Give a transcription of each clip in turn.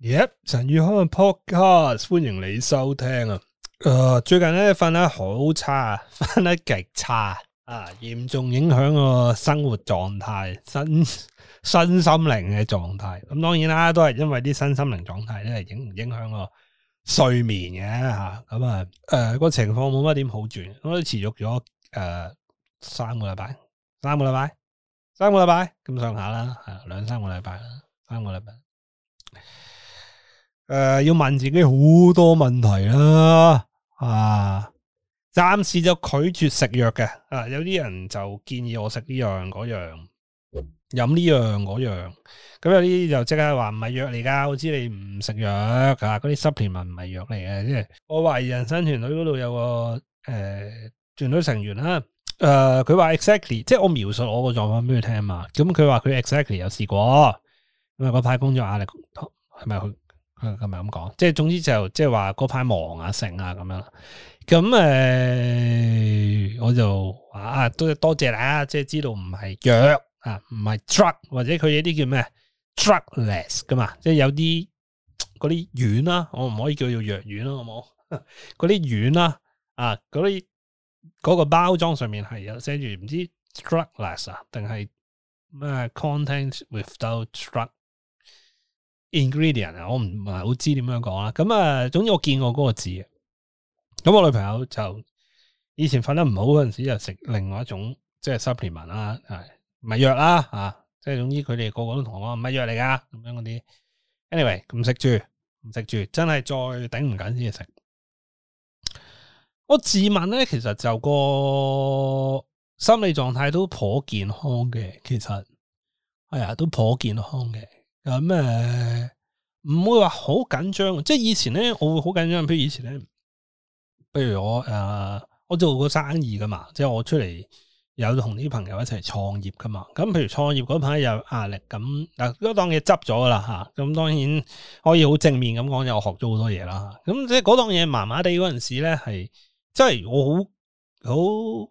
yep 陳宇康嘅 Podcast，歡迎你收聽啊！誒、呃，最近咧，瞓得好差，瞓得極差啊，嚴重影響個生活狀態、身身心靈嘅狀態。咁、嗯、當然啦、啊，都係因為啲身心靈狀態咧影唔影響個睡眠嘅吓。咁啊，誒、啊、個、呃、情況冇乜點好轉，咁都持續咗誒、呃、三個禮拜，三個禮拜，三個禮拜咁上下啦，兩、啊、三個禮拜啦，三個禮拜。誒、呃，要問自己好多問題啦，啊，暫時就拒絕食藥嘅。啊，有啲人就建議我食呢樣嗰樣，飲呢樣嗰樣。咁有啲就即刻話唔係藥嚟噶，我知你唔食藥啊，嗰啲 supplement 唔係藥嚟嘅。即係我懷疑人生團隊嗰度有個誒、呃、團隊成員啦。誒、呃，佢話 exactly，即係我描述我個狀況俾佢聽嘛。咁佢話佢 exactly 有試過，咁為派工作壓力係咪去？是係咁、啊、樣講，即係總之就即係話嗰排忙啊成啊咁樣，咁、嗯、誒，我就啊都多謝啦，即係知道唔係藥啊，唔係 drug 或者佢有啲叫咩 drugless 噶嘛，即係、啊就是、有啲嗰啲丸啦，我唔可以叫做藥丸啦，好冇？嗰啲丸啦，啊嗰啲嗰個包裝上面係有寫住唔知 drugless 啊，定係咩、啊、contains without drug？ingredient 啊，Ingred ients，我唔唔係好知點樣講啦。咁啊，總之我見過嗰個字啊。咁我女朋友就以前瞓得唔好嗰陣時就食另外一種即係 supplement 啦，係咪藥啦啊？即係總之佢哋個個都同我講唔係藥嚟噶，咁樣嗰啲。anyway，唔食住，唔食住，真係再頂唔緊先食。我自問咧，其實就個心理狀態都頗健康嘅，其實哎呀，都頗健康嘅。咁誒。唔會話好緊張，即係以前咧我會好緊張，譬如以前咧，譬如我誒、呃，我做個生意噶嘛，即係我出嚟有同啲朋友一齊創業噶嘛，咁譬如創業嗰排有壓力，咁嗱嗰檔嘢執咗啦吓，咁當,當然可以好正面咁講，又學咗好多嘢啦，咁即係嗰檔嘢麻麻地嗰陣時咧係，即係我好。好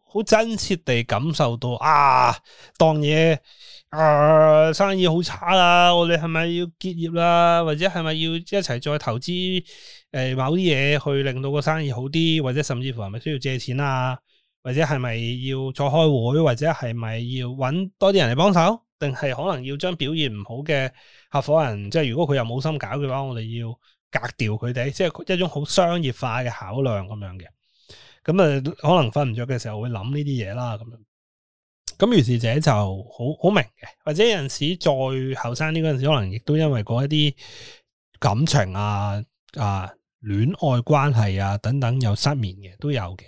好真切地感受到啊，當嘢啊生意好差啦，我哋係咪要結業啦？或者係咪要一齊再投資誒某啲嘢去令到個生意好啲？或者甚至乎係咪需要借錢啊？或者係咪要再開會？或者係咪要搵多啲人嚟幫手？定係可能要將表現唔好嘅合夥人，即係如果佢又冇心搞嘅話，我哋要格掉佢哋，即係一種好商業化嘅考量咁樣嘅。咁啊，可能瞓唔着嘅時候會諗呢啲嘢啦，咁樣。咁於是者就好好明嘅，或者有陣時再後生呢個時，可能亦都因為嗰一啲感情啊、啊戀愛關係啊等等有失眠嘅，都有嘅。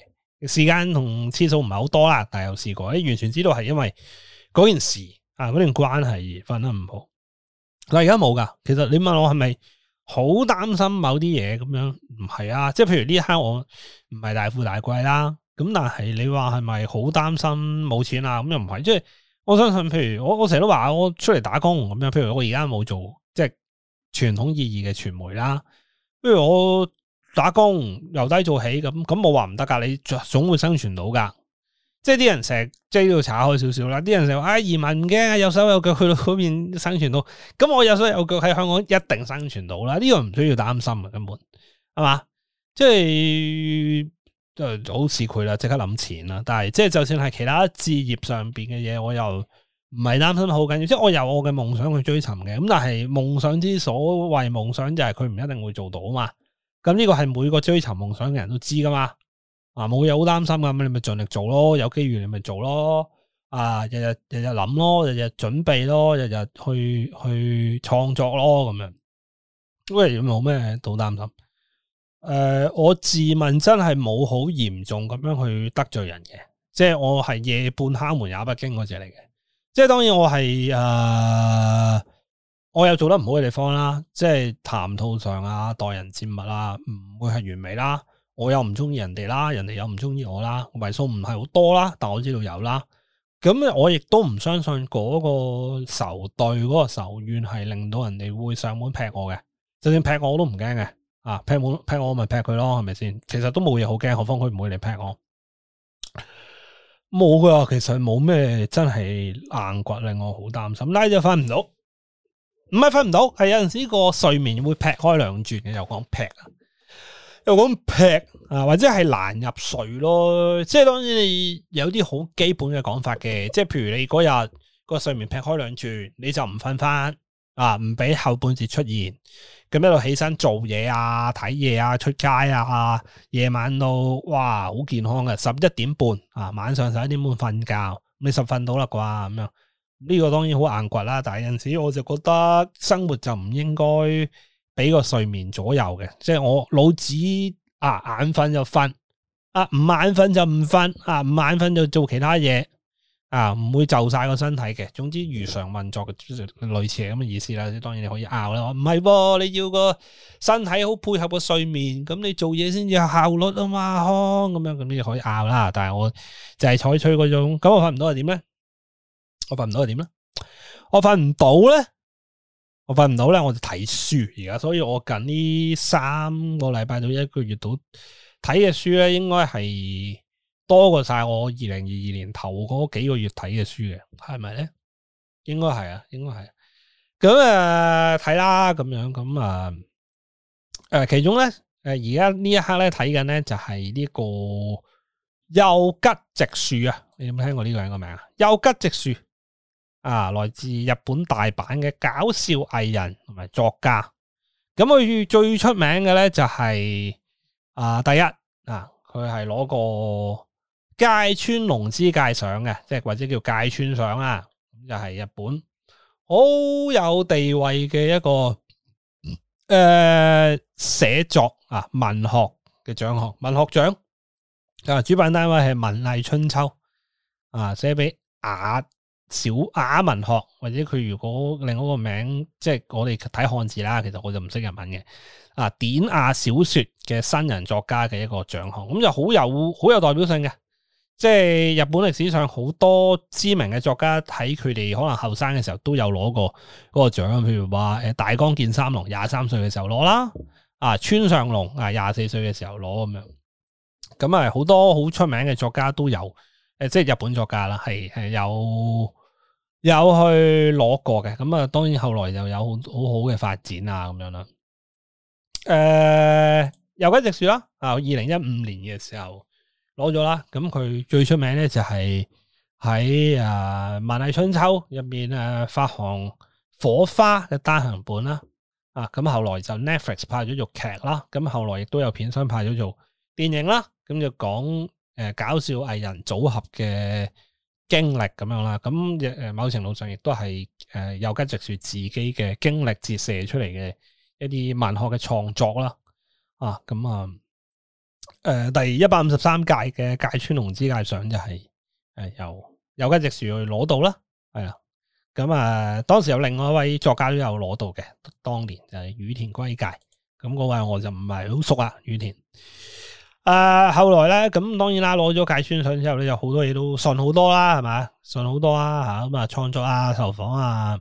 時間同次數唔係好多啦，但係又試過，誒完全知道係因為嗰件事啊，嗰段關係瞓得唔好。嗱，而家冇噶，其實你問我係咪？好擔心某啲嘢咁樣，唔係啊！即係譬如呢一刻我唔係大富大貴啦，咁但係你話係咪好擔心冇錢啊？咁又唔係，即係我相信譬我我我。譬如我我成日都話我出嚟打工咁樣，譬如我而家冇做即係傳統意義嘅傳媒啦，譬如我打工由低做起咁，咁我話唔得噶，你總會生存到噶。即係啲人成日追到炒開少少啦，啲人成日話啊，移民唔驚啊，有手有腳去到嗰邊生存到。咁我有手有腳喺香港一定生存到啦，呢個唔需要擔心啊，根本係嘛？即係就好似佢啦，即刻諗錢啦。但係即係就算係其他置業上邊嘅嘢，我又唔係擔心好緊要，即係我由我嘅夢想去追尋嘅。咁但係夢想之所謂夢想就係佢唔一定會做到啊嘛。咁呢個係每個追尋夢想嘅人都知噶嘛。啊！冇嘢好擔心咁你咪盡力做咯，有機遇你咪做咯。啊，日日日日諗咯，日日準備咯，日日去去創作咯，咁樣。喂，有冇咩好擔心？誒、呃，我自問真係冇好嚴重咁樣去得罪人嘅，即係我係夜半敲門也不驚嗰隻嚟嘅。即係當然我係誒、呃，我有做得唔好嘅地方啦，即係談吐上啊，待人接物啊，唔會係完美啦、啊。我又唔中意人哋啦，人哋又唔中意我啦，位數唔係好多啦，但我知道有啦。咁我亦都唔相信嗰個仇對嗰個仇怨係令到人哋會上門劈我嘅，就算劈我我都唔驚嘅。啊，劈門劈我咪劈佢咯，係咪先？其實都冇嘢好驚，何況佢唔會嚟劈我？冇噶，其實冇咩真係硬骨令我好擔心。拉就瞓唔到，唔係瞓唔到，係有陣時個睡眠會劈開兩轉嘅，又講劈又咁劈啊，或者係難入睡咯，即係當然有啲好基本嘅講法嘅，即係譬如你嗰日個睡眠劈開兩轉，你就唔瞓翻啊，唔俾後半節出現，咁一路起身做嘢啊、睇嘢啊、出街啊，夜晚上到哇好健康嘅，十一點半啊，晚上十一點半瞓覺，你十瞓到啦啩咁樣，呢個當然好硬掘啦，但係有陣時我就覺得生活就唔應該。俾個睡眠左右嘅，即係我腦子啊，眼瞓就瞓，啊唔眼瞓就唔瞓，啊唔眼瞓就，啊、就做其他嘢，啊唔會就晒個身體嘅。總之如常運作嘅，類似係咁嘅意思啦。當然你可以拗啦，唔係、啊，你要個身體好配合個睡眠，咁你做嘢先至有效率啊嘛，咁、啊、樣，咁你可以拗啦。但係我就係採取嗰種，咁我瞓唔到係點咧？我瞓唔到係點咧？我瞓唔到咧？我瞓唔到呢，我就睇書而家，所以我近呢三個禮拜到一個月到睇嘅書咧，應該係多過晒我二零二二年頭嗰幾個月睇嘅書嘅，係咪咧？應該係啊，應該係。咁啊，睇、呃、啦，咁樣咁啊，誒、呃，其中咧，誒、呃，而家呢一刻咧睇緊咧就係呢個又吉直樹啊！你有冇聽過呢個人個名啊？又吉直樹。啊，來自日本大阪嘅搞笑藝人同埋作家，咁佢最出名嘅咧就係、是、啊，第一啊，佢係攞個芥川龍之介賞嘅，即係或者叫芥川賞啊。咁就係、是、日本好有地位嘅一個誒、嗯、呃、寫作啊文學嘅獎項，文學獎啊，主辦單位係《文藝春秋》啊，寫俾阿。小雅文學或者佢如果另一個名，即係我哋睇漢字啦，其實我就唔識日文嘅啊，典雅小說嘅新人作家嘅一個獎項，咁就好有好有代表性嘅，即係日本歷史上好多知名嘅作家喺佢哋可能後生嘅時候都有攞過嗰個獎，譬如話誒大江健三郎廿三歲嘅時候攞啦，啊村上龍啊廿四歲嘅時候攞咁樣，咁啊好多好出名嘅作家都有誒，即係日本作家啦，係係有。有去攞過嘅，咁啊，當然後來又有很好好嘅發展、呃、啊，咁樣啦。誒，又吉直樹啦，喺二零一五年嘅時候攞咗啦。咁佢最出名咧就係喺誒《文藝春秋》入面誒發行《火花》嘅單行本啦。啊，咁後來就 Netflix 拍咗做劇啦，咁、啊、後來亦都有片商拍咗做電影啦。咁、啊、就講誒、啊、搞笑藝人組合嘅。經歷咁樣啦，咁誒，某程度上亦都係誒，又吉直樹自己嘅經歷折射出嚟嘅一啲文學嘅創作啦、啊，啊，咁啊，誒，第一百五十三屆嘅芥川龍之介獎就係誒，由由又吉直樹攞到啦，係、嗯、啊，咁啊，當時有另外一位作家都有攞到嘅，當年就係羽田圭介。咁嗰位我就唔係好熟啊，羽田。誒、呃，後來咧，咁當然啦，攞咗芥川賞之後咧，有好多嘢都信好多啦，係咪？信好多啦、啊、吓，咁啊創作啊，受訪啊，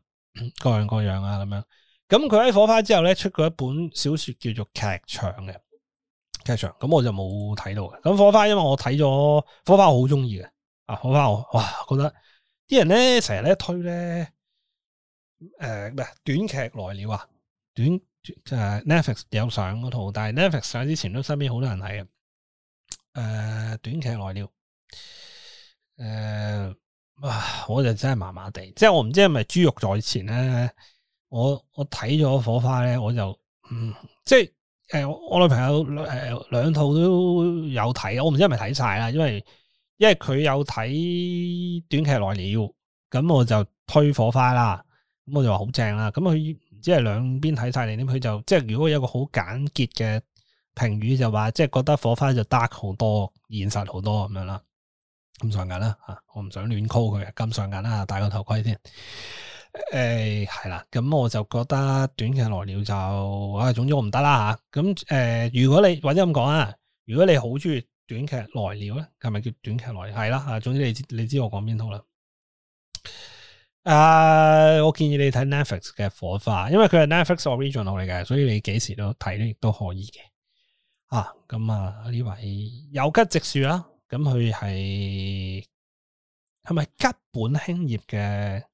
各樣各樣啊，咁樣。咁佢喺火花之後咧，出過一本小說叫做《劇場》嘅劇場，咁我就冇睇到嘅。咁火花因為我睇咗，火花我好中意嘅。啊，火花我哇，我覺得啲人咧成日咧推咧，誒、呃、咩？短劇來了啊，短誒、呃、Netflix 有上嗰套，但係 Netflix 上之前都身邊好多人睇嘅。誒、呃，短劇來了，誒，哇，我就真係麻麻地，即係我唔知係咪豬肉在前咧。我我睇咗火花咧，我就嗯，即係誒、呃，我女朋友誒、呃、兩套都有睇，我唔知係咪睇晒啦，因為因為佢有睇短劇來了，咁我就推火花啦，咁我就話好正啦，咁佢唔知係兩邊睇晒你，咁佢就即係如果有個好簡潔嘅。評語就話，即係覺得火花就 dark 好多，現實好多咁樣啦。咁上緊啦，吓、啊、我唔想亂 call 佢咁上緊啦，戴個頭盔先。誒、哎，係啦，咁我就覺得短劇來就、哎、了就啊、呃、啊，總之我唔得啦吓。咁誒，如果你或者咁講啊，如果你好中意短劇來了咧，係咪叫短劇來了？係啦，吓，總之你你知我講邊套啦。誒，我建議你睇 Netflix 嘅火花，因為佢係 Netflix original 嚟嘅，所以你幾時都睇咧亦都可以嘅。啊，咁啊呢位又吉直樹啦，咁佢係係咪吉本興業嘅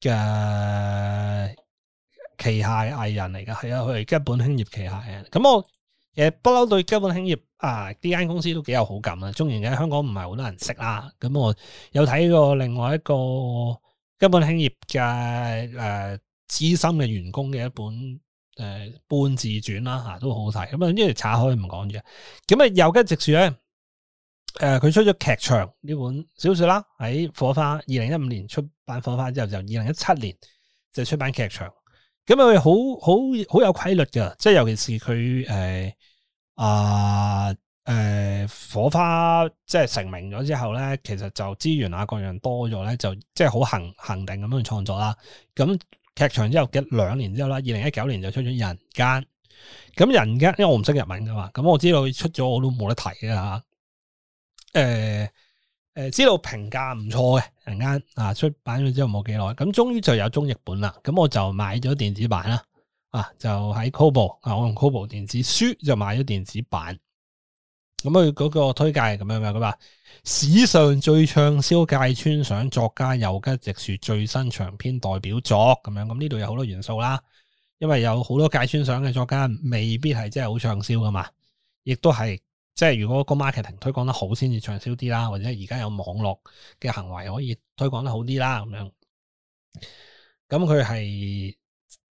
嘅旗下藝人嚟噶？係啊，佢係吉本興業旗下嘅。咁我誒不嬲對吉本興業啊呢間公司都幾有好感啊。中原嘅。香港唔係好多人識啦，咁我有睇過另外一個吉本興業嘅誒資深嘅員工嘅一本。誒，半、嗯、自傳啦，吓都好好睇。咁啊，一條拆開唔講住。咁、嗯、啊，又吉直樹咧，誒、呃，佢出咗《劇場》呢本小說啦。喺《火花》二零一五年出版《火花》之後，就二零一七年就出版《劇場》嗯。咁、嗯、啊，好好好有規律嘅，即係尤其是佢誒啊誒，呃呃《火花》即係成名咗之後咧，其實就資源啊各樣多咗咧，就即係好恆恆定咁樣去創作啦。咁、嗯。劇場之後嘅兩年之後啦，二零一九年就出咗《人間》。咁《人間》因為我唔識日文噶嘛，咁我知道出咗我都冇得睇嘅吓。誒誒，知道評價唔錯嘅《人間》啊，出版咗之後冇幾耐，咁終於就有中譯本啦。咁我就買咗電子版啦。啊，就喺 Kobo 啊，我用 Kobo 電子書就買咗電子版。咁佢嗰個推介咁樣樣，佢話，史上最暢銷芥川賞作家又吉直樹最新長篇代表作，咁樣咁呢度有好多元素啦。因為有好多芥川賞嘅作家未必係真係好暢銷噶嘛，亦都係即係如果個 marketing 推廣得好先至暢銷啲啦，或者而家有網絡嘅行為可以推廣得好啲啦，咁樣。咁佢係。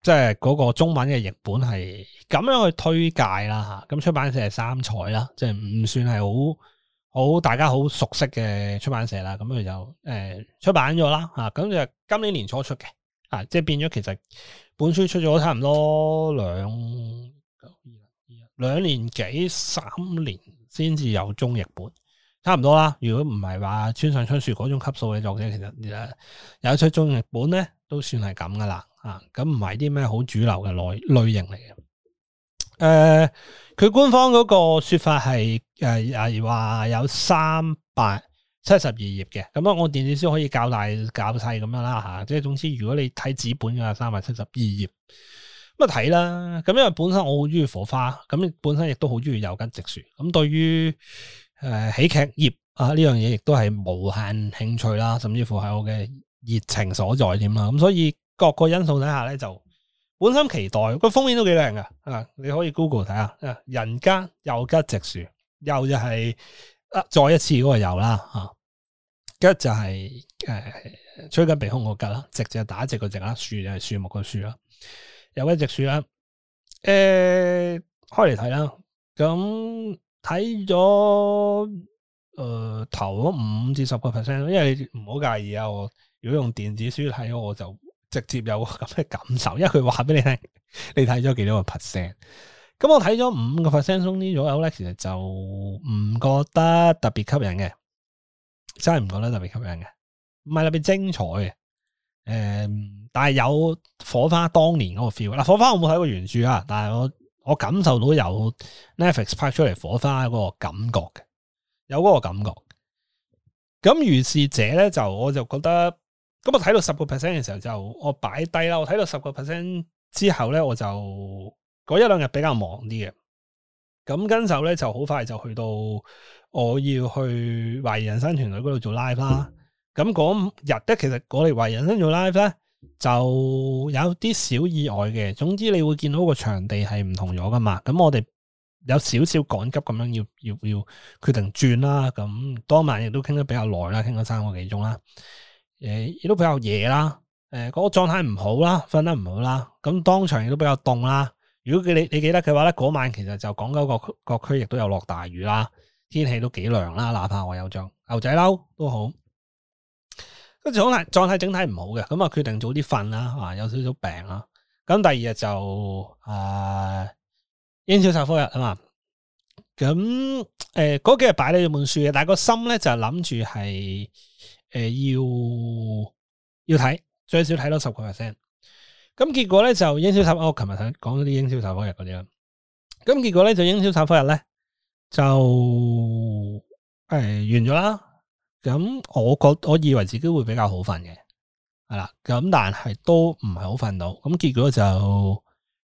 即係嗰個中文嘅譯本係咁樣去推介啦嚇，咁出版社係三彩啦，即係唔算係好好大家好熟悉嘅出版社啦，咁佢就誒出版咗啦嚇，咁就今年年初出嘅，啊，即係變咗其實本書出咗差唔多兩兩年幾三年先至有中譯本，差唔多啦。如果唔係話村上春樹嗰種級數嘅作者，其實而家有出中譯本咧。都算係咁噶啦，啊，咁唔係啲咩好主流嘅類類型嚟嘅。誒、呃，佢官方嗰個說法係誒話有三百七十二頁嘅，咁啊，我電子書可以較大較細咁樣啦吓。即係總之，如果你睇紙本嘅，三百七十二頁，咁啊睇啦。咁因為本身我好中意火花，咁本身亦、啊啊啊、都好中意又吉直樹。咁對於誒喜劇業啊呢樣嘢，亦都係無限興趣啦，甚至乎係我嘅。熱情所在點啦，咁所以各個因素底下咧，就本身期待。個封面都幾靚噶，啊，你可以 Google 睇下。啊，人間又吉直樹，又就係啊，再一次嗰個又啦嚇。吉就係、是、誒、呃，吹緊鼻空個吉啦，直就打直個直啦，樹就樹木個樹啦，又吉直樹啦。誒、呃，開嚟睇啦，咁睇咗誒，頭五至十個 percent，因為唔好介意啊，我。如果用電子書睇，我就直接有個咁嘅感受，因為佢話俾你聽，你睇咗幾多個 percent？咁我睇咗五個 percent 左右呢，其實就唔覺得特別吸引嘅，真係唔覺得特別吸引嘅，唔係特別精彩嘅、嗯。但係有火花，當年嗰個 feel。嗱，火花我冇睇過原著啊，但係我我感受到有 Netflix 拍出嚟火花嗰個感覺嘅，有嗰個感覺。咁如是者咧，就我就覺得。咁我睇到十個 percent 嘅時候就我擺低啦，我睇到十個 percent 之後咧，我就嗰一兩日比較忙啲嘅。咁跟手咧就好快就去到我要去懷疑人生團隊嗰度做 live 啦。咁嗰、嗯、日咧，其實我哋懷疑人生做 live 咧就有啲小意外嘅。總之你會見到個場地係唔同咗噶嘛。咁我哋有少少趕急咁樣要要要，要決定轉啦。咁當晚亦都傾得比較耐啦，傾咗三個幾鐘啦。誒，亦都比較夜啦，誒、那個，嗰個狀態唔好啦，瞓得唔好啦，咁當場亦都比較凍啦。如果你你記得嘅話咧，嗰、那個、晚其實就港九個區各區各區亦都有落大雨啦，天氣都幾涼啦。哪怕我有着牛仔褸都好，跟住好啦狀態整體唔好嘅，咁啊決定早啲瞓啦，啊，有少少病啦。咁第二日就誒、啊，英超賽科日啊嘛，咁誒嗰幾日擺呢本書嘅，但係個心咧就諗住係。誒，要要睇，最少睇到十個 percent。咁結果咧就營銷採訪，我琴日睇講咗啲英銷採訪日嗰啲啦。咁結果咧就英銷採訪日咧就誒、哎、完咗啦。咁我覺我以為自己會比較好瞓嘅，係啦。咁但係都唔係好瞓到。咁結果就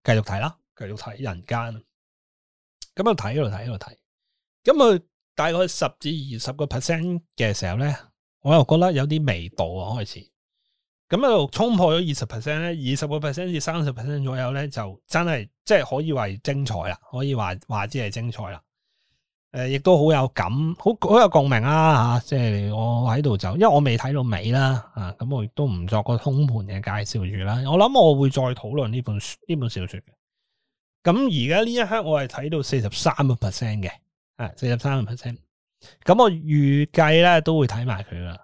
繼續睇啦，繼續睇人間。咁啊睇，一路睇，一路睇。咁啊，大概十至二十個 percent 嘅時候咧。我又覺得有啲味道啊，開始咁一路衝破咗二十 percent 咧，二十個 percent 至三十 percent 左右咧，就真係即係可以話係精彩啦，可以話話之係精彩啦。誒，亦都好有感，好好有共鳴啊！吓，即係我喺度就，因為我未睇到尾啦，啊，咁我亦都唔作個通盤嘅介紹住啦。我諗我會再討論呢本呢本小說嘅。咁而家呢一刻，我係睇到四十三個 percent 嘅，啊，四十三個 percent。咁我預計咧都會睇埋佢啦。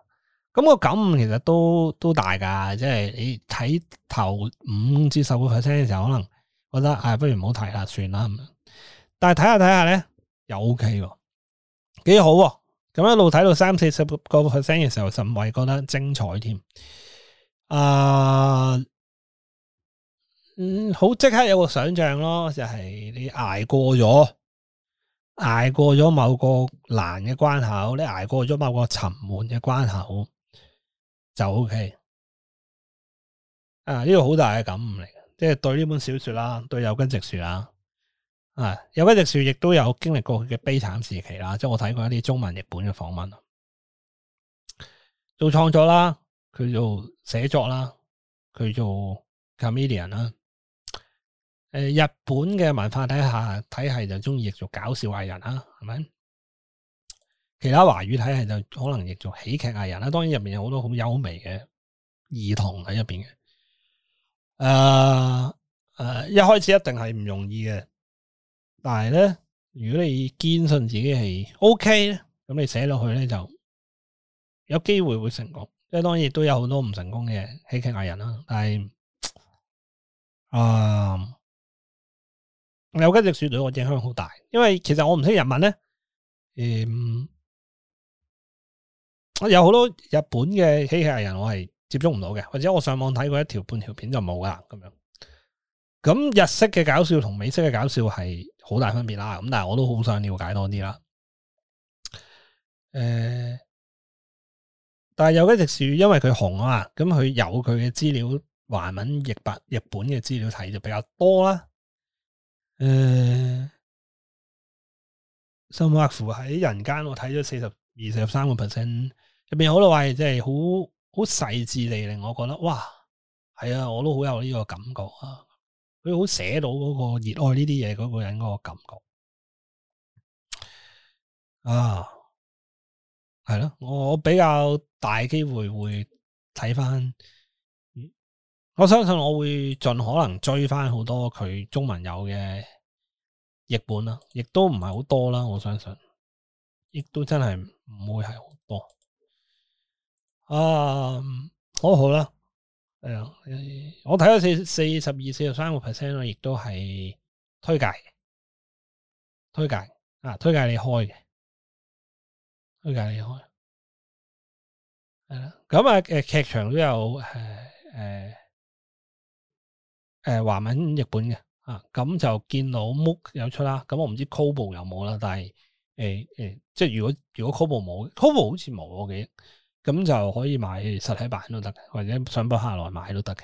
咁、那個感悟其實都都大噶，即係你睇頭五至十個 percent 嘅時候，可能覺得唉、哎，不如唔好睇啦，算啦咁樣。但係睇下睇下咧，又 OK 喎，幾好、啊。咁一路睇到三四十個 percent 嘅時候，甚至係覺得精彩添。啊、呃，嗯，好即刻有個想象咯，就係、是、你捱過咗。捱過咗某個難嘅關口，你捱過咗某個沉悶嘅關口就 OK。啊，呢個好大嘅感悟嚟，即係對呢本小說啦，對又吉直樹啦，啊，又吉直樹亦都有經歷過佢嘅悲慘時期啦。即係我睇過一啲中文日本嘅訪問，做創作啦，佢做寫作啦，佢做 Comedian 啦。誒，日本嘅文化底下體系就中意譯做搞笑藝人啦，係咪？其他華語體系就可能譯做喜劇藝人啦。當然入面有好多好優美嘅兒童喺入邊嘅。誒、呃、誒、呃，一開始一定係唔容易嘅，但係咧，如果你堅信自己係 OK 咧，咁你寫落去咧就有機會會成功。即係當然都有好多唔成功嘅喜劇藝人啦，但係，誒、呃。又吉直樹對我影響好大，因為其實我唔識日文咧，嗯，有好多日本嘅喜劇人，我係接觸唔到嘅，或者我上網睇過一條半條片就冇㗎啦，咁樣。咁日式嘅搞笑同美式嘅搞笑係好大分別啦，咁但係我都好想了解多啲啦。誒、嗯，但係又吉直樹因為佢紅啊嘛，咁佢有佢嘅資料，華文譯白日本嘅資料睇就比較多啦。誒，心畫符喺人間，我睇咗四十二、四十三個 percent，入邊好多話很，即係好好細致地令我覺得，哇，係啊，我都好有呢個感覺啊！佢好寫到嗰個熱愛呢啲嘢，嗰個人嗰個感覺啊，係咯、啊，我比較大機會會睇翻。我相信我會盡可能追翻好多佢中文有嘅譯本啦，亦都唔係好多啦。我相信，亦都真係唔會係好多。啊，好好啦，我睇咗四四十二、四十三個 percent 啦，亦都係推介推介啊，推介你開嘅，推介你開，係啦。咁啊，誒，劇場都有誒誒。呃誒華、呃、文、日本嘅啊，咁就見到 MOOC 有出啦，咁我唔知 Cobo 有冇啦，但係誒誒，即係如果如果 Cobo 冇 Cobo 好似冇嘅，咁就可以買實體版都得，或者上博客來買都得嘅，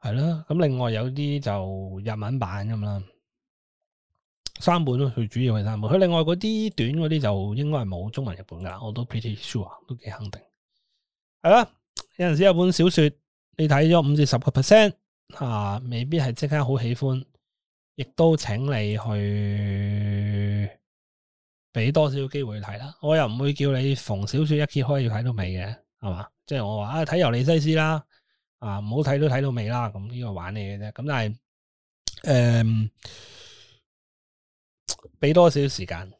係啦。咁另外有啲就日文版咁啦，三本都最主要係三本，佢另外嗰啲短嗰啲就應該係冇中文、日本噶，我都 pretty sure，都幾肯定。係啦，有陣時有本小說。你睇咗五至十個 percent 未必係即刻好喜歡，亦都請你去俾多少機會睇啦。我又唔會叫你逢小說一揭開要睇到尾嘅，係嘛？即係我話啊，睇尤利西斯啦，啊，唔好睇都睇到尾啦，咁、這、呢個玩你嘅啫。咁但係，誒、嗯，俾多少時間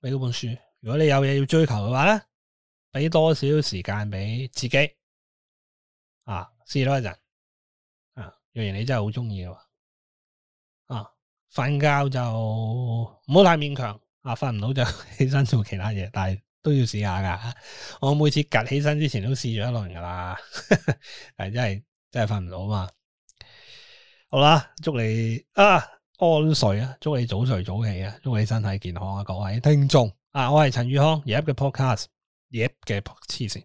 俾嗰本書？如果你有嘢要追求嘅話咧，俾多少時間俾自己啊？試多一陣，啊！若然你真係好鍾意嘅話，啊，瞓覺就唔好太勉強，啊，瞓唔到就起身做其他嘢，但係都要試一下噶。我每次隔起身之前都試咗一輪噶啦，但係真係真係瞓唔到啊！嘛好啦，祝你啊安睡啊，祝你早睡早起啊，祝你身體健康啊，各位聽眾啊，我係陳宇康，而家嘅 podcast 而家嘅 podcast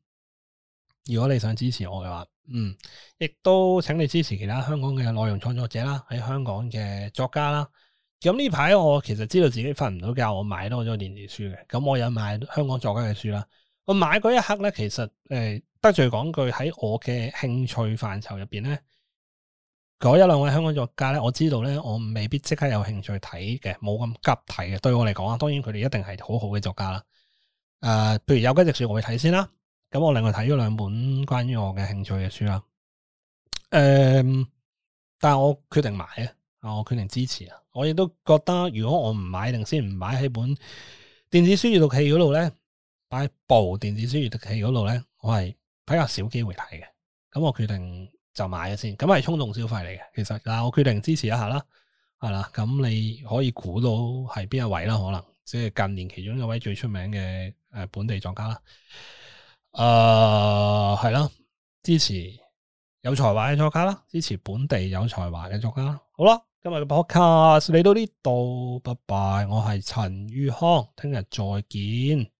如果你想支持我嘅話，嗯，亦都請你支持其他香港嘅內容創作者啦，喺香港嘅作家啦。咁呢排我其實知道自己瞓唔到覺，我買多咗電子書嘅。咁我有買香港作家嘅書啦。我買嗰一刻咧，其實誒得罪講句喺我嘅興趣範疇入邊咧，嗰一兩位香港作家咧，我知道咧，我未必即刻有興趣睇嘅，冇咁急睇嘅。對我嚟講啊，當然佢哋一定係好好嘅作家啦。誒、呃，譬如有幾隻書我會睇先啦。咁我另外睇咗兩本關於我嘅興趣嘅書啦，誒、嗯，但係我決定買啊，我決定支持啊，我亦都覺得如果我唔買定先唔買喺本電子書閱讀器嗰度咧，擺部電子書閱讀器嗰度咧，我係比較少機會睇嘅，咁我決定就買咗先，咁係衝動消費嚟嘅，其實嗱，我決定支持一下啦，係啦，咁你可以估到係邊一位啦，可能即係近年其中一位最出名嘅誒本地作家啦。誒，係啦，嗯，支持有才華嘅作家啦，支持本地有才華嘅作家啦，好啦，今日嘅 podcast 嚟到呢度，拜拜，我係陳宇康，聽日再見。